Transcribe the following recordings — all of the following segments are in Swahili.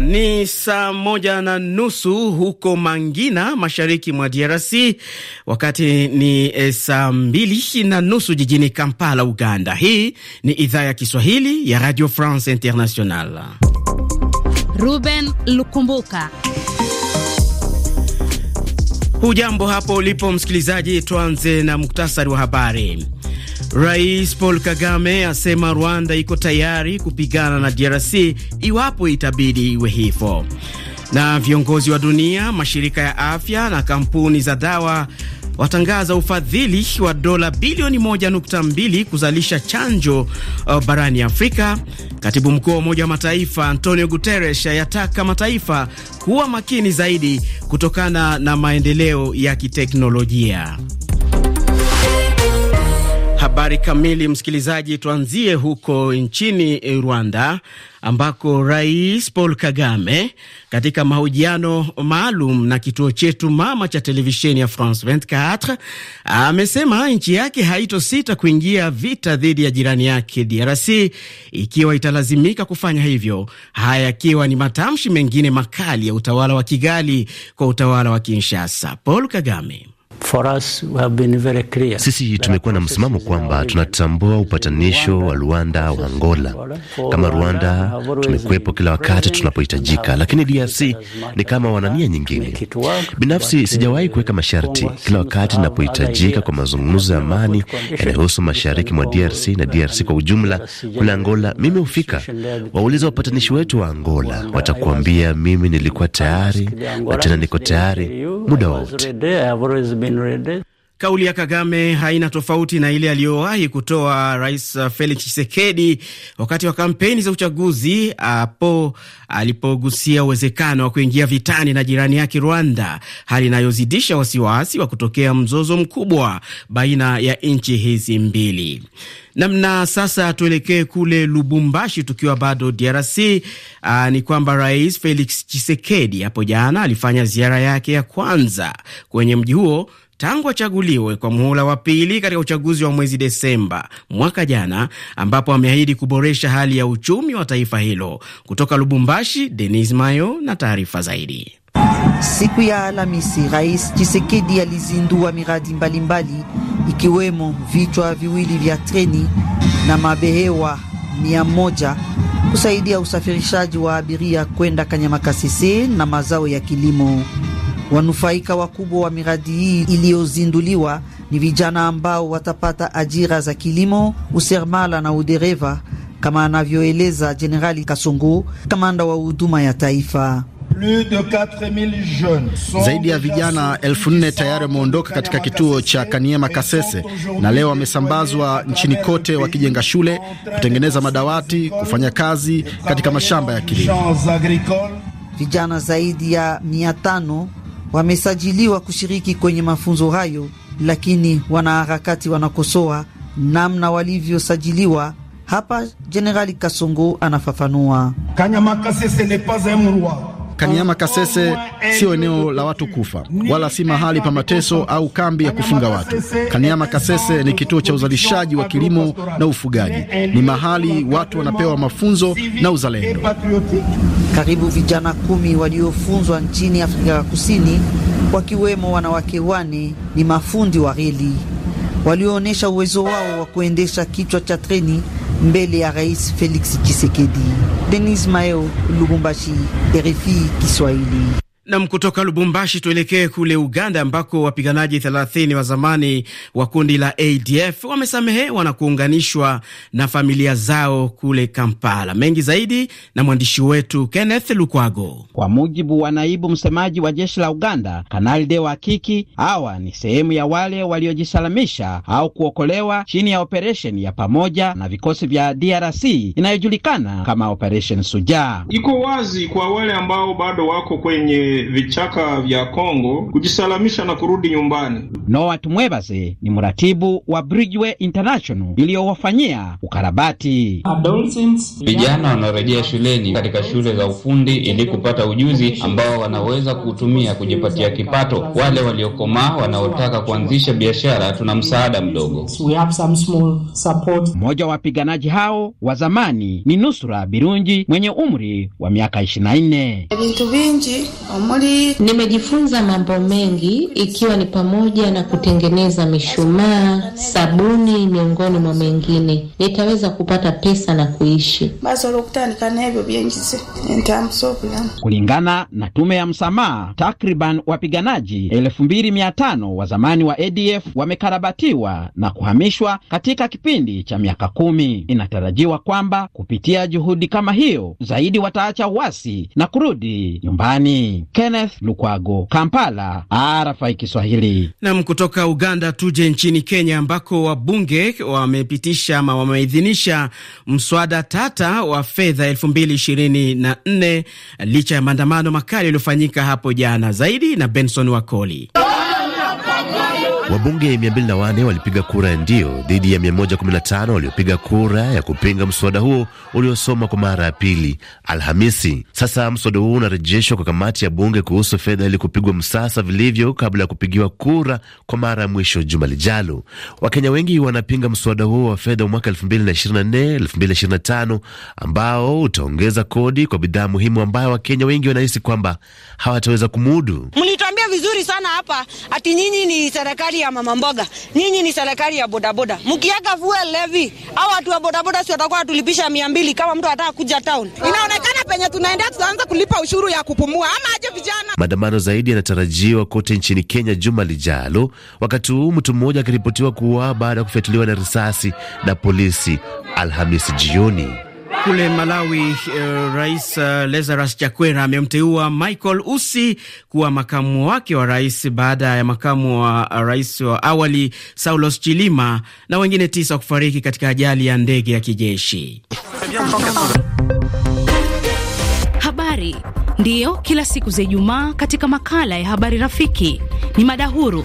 Ni saa moja na nusu huko Mangina, mashariki mwa DRC, wakati ni eh, saa mbili na nusu jijini Kampala, Uganda. Hii ni idhaa ya Kiswahili ya Radio France International. Ruben Lukumbuka. Hujambo hapo ulipo msikilizaji, tuanze na muktasari wa habari. Rais Paul Kagame asema Rwanda iko tayari kupigana na DRC iwapo itabidi iwe hivyo. Na viongozi wa dunia, mashirika ya afya na kampuni za dawa watangaza ufadhili wa dola bilioni 1.2 kuzalisha chanjo uh, barani Afrika. Katibu mkuu wa Umoja wa Mataifa Antonio Guterres ayataka mataifa kuwa makini zaidi kutokana na maendeleo ya kiteknolojia. Habari kamili, msikilizaji, tuanzie huko nchini Rwanda ambako Rais Paul Kagame katika mahojiano maalum na kituo chetu mama cha televisheni ya France 24 amesema nchi yake haitosita kuingia vita dhidi ya jirani yake DRC ikiwa italazimika kufanya hivyo, haya yakiwa ni matamshi mengine makali ya utawala wa Kigali kwa utawala wa Kinshasa. Paul Kagame sisi tumekuwa na msimamo kwamba tunatambua upatanisho wa Rwanda wa Angola. Kama Rwanda tumekuwepo kila wakati tunapohitajika, lakini DRC ni kama wanania nyingine. Binafsi sijawahi kuweka masharti. Kila wakati inapohitajika kwa mazungumzo ya amani yanayohusu mashariki mwa DRC na DRC kwa ujumla, kule Angola mimi hufika. Wauliza wapatanishi wetu wa Angola, watakuambia mimi nilikuwa tayari na tena niko tayari muda wote. email Kauli ya Kagame haina tofauti na ile aliyowahi kutoa Rais Felix Tshisekedi wakati wa kampeni za uchaguzi hapo alipogusia uwezekano wa kuingia vitani na jirani yake Rwanda, hali inayozidisha wasiwasi wa kutokea mzozo mkubwa baina ya nchi hizi mbili. Namna sasa, tuelekee kule Lubumbashi tukiwa bado DRC. Aa, ni kwamba Rais Felix Tshisekedi hapo jana alifanya ziara yake ya kwanza kwenye mji huo tangu achaguliwe kwa muhula wa pili katika uchaguzi wa mwezi Desemba mwaka jana, ambapo ameahidi kuboresha hali ya uchumi wa taifa hilo. Kutoka Lubumbashi, Denis Mayo na taarifa zaidi. Siku ya Alhamisi, Rais chisekedi alizindua miradi mbalimbali ikiwemo vichwa viwili vya treni na mabehewa mia moja kusaidia usafirishaji wa abiria kwenda Kanyamakasese na mazao ya kilimo. Wanufaika wakubwa wa miradi hii iliyozinduliwa ni vijana ambao watapata ajira za kilimo, useremala na udereva, kama anavyoeleza Jenerali Kasungu, kamanda wa huduma ya taifa. Zaidi ya vijana elfu nne tayari wameondoka katika kituo cha Kaniema Kasese, na leo wamesambazwa nchini kote wakijenga shule, kutengeneza madawati, kufanya kazi katika mashamba ya kilimo. Vijana zaidi ya mia tano wamesajiliwa kushiriki kwenye mafunzo hayo, lakini wanaharakati wanakosoa namna walivyosajiliwa. Hapa Jenerali Kasongo anafafanua Kanyamakase, ce n'est pas un Kanyama Kasese sio eneo la watu kufa wala si mahali pa mateso au kambi ya kufunga watu. Kanyama Kasese ni kituo cha uzalishaji wa kilimo na ufugaji, ni mahali watu wanapewa mafunzo na uzalendo. Karibu vijana kumi waliofunzwa nchini Afrika ya Kusini, wakiwemo wanawake wane, ni mafundi wa reli walioonyesha uwezo wao wa kuendesha kichwa cha treni mbele ya Rais Felix Tshisekedi. Denis Mayo, Lubumbashi, RFI Kiswahili. Nam, kutoka Lubumbashi tuelekee kule Uganda ambako wapiganaji 30 wa zamani wa kundi la ADF wamesamehewa na kuunganishwa na familia zao kule Kampala. Mengi zaidi na mwandishi wetu Kenneth Lukwago. Kwa mujibu wa naibu msemaji wa jeshi la Uganda, Kanali De Wakiki, hawa ni sehemu ya wale waliojisalamisha au kuokolewa chini ya operesheni ya pamoja na vikosi vya DRC inayojulikana kama operesheni Sujaa. Iko wazi kwa wale ambao bado wako kwenye vichaka vya Kongo kujisalamisha na kurudi nyumbani. Noah Tumwebaze ni mratibu wa Bridgeway International iliyowafanyia ukarabati vijana wanaorejea shuleni katika shule za ufundi ili kupata ujuzi ambao wanaweza kuutumia kujipatia kipato. Wale waliokomaa wanaotaka kuanzisha biashara, tuna msaada mdogo. Mmoja wa wapiganaji hao wa zamani ni Nusura Birunji mwenye umri wa miaka 24. Vintu vingi Nimejifunza mambo mengi ikiwa ni pamoja na kutengeneza mishumaa, sabuni, miongoni mwa mengine. Nitaweza kupata pesa na kuishi. Kulingana na tume ya msamaha, takriban wapiganaji 25 wa zamani wa ADF wamekarabatiwa na kuhamishwa katika kipindi cha miaka kumi. Inatarajiwa kwamba kupitia juhudi kama hiyo zaidi wataacha uwasi na kurudi nyumbani. Kenneth Lukwago, Kampala, RFI Kiswahili. Nam, kutoka Uganda tuje nchini Kenya ambako wabunge wamepitisha ama wameidhinisha mswada tata wa fedha elfu mbili ishirini na nne licha ya maandamano makali yaliyofanyika hapo jana. Zaidi na Benson Wakoli. Wabunge 204 walipiga kura ya ndio dhidi ya 115 waliopiga kura ya kupinga mswada huo uliosoma kwa mara ya pili Alhamisi. Sasa mswada huo unarejeshwa kwa kamati ya bunge kuhusu fedha ili kupigwa msasa vilivyo kabla ya kupigiwa kura kwa mara ya mwisho juma lijalo. Wakenya wengi wanapinga mswada huo wa fedha mwaka 2024 2025 ambao utaongeza kodi kwa bidhaa muhimu ambayo Wakenya wengi wanahisi kwamba hawataweza kumudu Mnita vizuri sana hapa ati nyinyi ni serikali ya mama mboga, nyinyi ni serikali ya bodaboda. Mkiaga fuel levy au watu wa bodaboda si watakuwa tulipisha mia mbili kama mtu anataka kuja town? Inaonekana penye tunaendea tutaanza kulipa ushuru ya kupumua ama aje, vijana. Maandamano zaidi yanatarajiwa kote nchini Kenya juma lijalo, wakati huu mtu mmoja akiripotiwa kuuawa baada ya kufyatuliwa na risasi na polisi Alhamisi jioni. Kule Malawi uh, Rais eh, Lazarus Chakwera amemteua Michael Usi kuwa makamu wake wa rais baada ya makamu wa eh, rais wa awali Saulos Chilima na wengine tisa kufariki katika ajali ya ndege ya kijeshi. Habari ndiyo kila siku za Ijumaa katika makala ya habari rafiki ni mada huru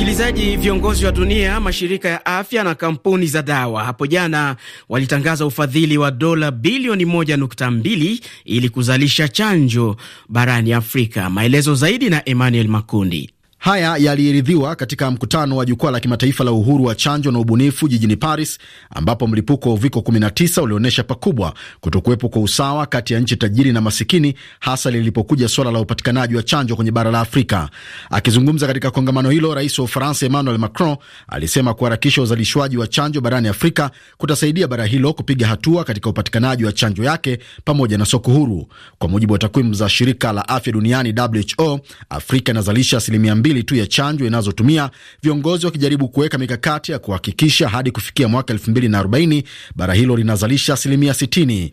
Msikilizaji, viongozi wa dunia, mashirika ya afya na kampuni za dawa hapo jana walitangaza ufadhili wa dola bilioni 1.2 ili kuzalisha chanjo barani Afrika. Maelezo zaidi na Emmanuel Makundi. Haya yaliridhiwa katika mkutano wa jukwaa la kimataifa la uhuru wa chanjo na ubunifu jijini Paris, ambapo mlipuko wa uviko 19 ulionyesha pakubwa kutokuwepo kwa usawa kati ya nchi tajiri na masikini, hasa lilipokuja suala la upatikanaji wa chanjo kwenye bara la Afrika. Akizungumza katika kongamano hilo, rais wa Ufaransa Emmanuel Macron alisema kuharakisha uzalishwaji wa chanjo barani Afrika kutasaidia bara hilo kupiga hatua katika upatikanaji wa chanjo yake pamoja na soko huru. Kwa mujibu wa takwimu za shirika la afya duniani WHO, Afrika inazalisha asilimia mbili tu ya chanjo inazotumia, viongozi wakijaribu kuweka mikakati ya kuhakikisha hadi kufikia mwaka 240 bara hilo linazalisha asilimia 60.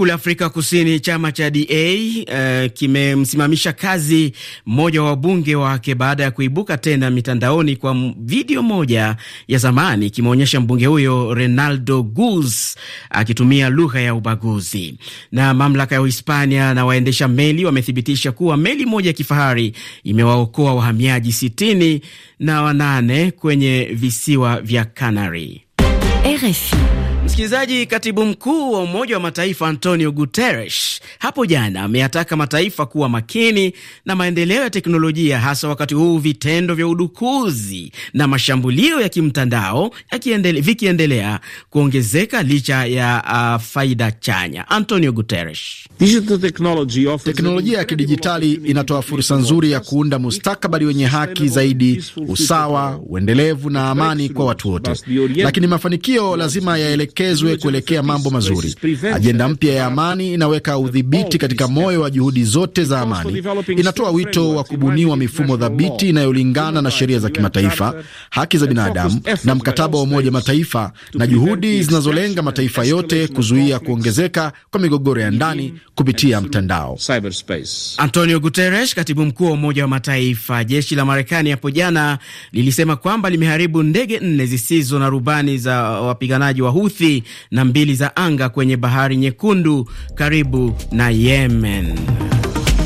Kule Afrika Kusini, chama cha DA uh, eh, kimemsimamisha kazi mmoja wa wabunge wake baada ya kuibuka tena mitandaoni kwa video moja ya zamani. ikimwonyesha mbunge huyo Renaldo gus akitumia uh, lugha ya ubaguzi. Na mamlaka ya Uhispania na waendesha meli wamethibitisha kuwa meli moja ya kifahari imewaokoa wahamiaji sitini na wanane kwenye visiwa vya Canary. RFI. Msikilizaji, katibu mkuu wa Umoja wa Mataifa Antonio Guterres hapo jana ameyataka mataifa kuwa makini na maendeleo ya teknolojia, hasa wakati huu vitendo vya udukuzi na mashambulio ya kimtandao vikiendelea kuongezeka licha ya uh, faida chanya. Antonio Guterres: teknolojia ya kidijitali inatoa fursa nzuri ya kuunda mustakabali wenye haki zaidi, usawa, uendelevu na amani kwa watu wote, lakini mafanikio lazima yaelekee itekelezwe kuelekea mambo mazuri. Ajenda mpya ya amani inaweka udhibiti katika moyo wa juhudi zote za amani, inatoa wito wa kubuniwa mifumo dhabiti inayolingana na sheria za kimataifa, haki za binadamu na mkataba wa Umoja Mataifa, na juhudi zinazolenga mataifa yote kuzuia kuongezeka kwa migogoro ya ndani kupitia mtandao. Antonio Guterres, katibu mkuu wa Umoja wa Mataifa. Jeshi la Marekani hapo jana lilisema kwamba limeharibu ndege nne zisizo na rubani za wapiganaji wa Huthi na mbili za anga kwenye Bahari Nyekundu karibu na Yemen.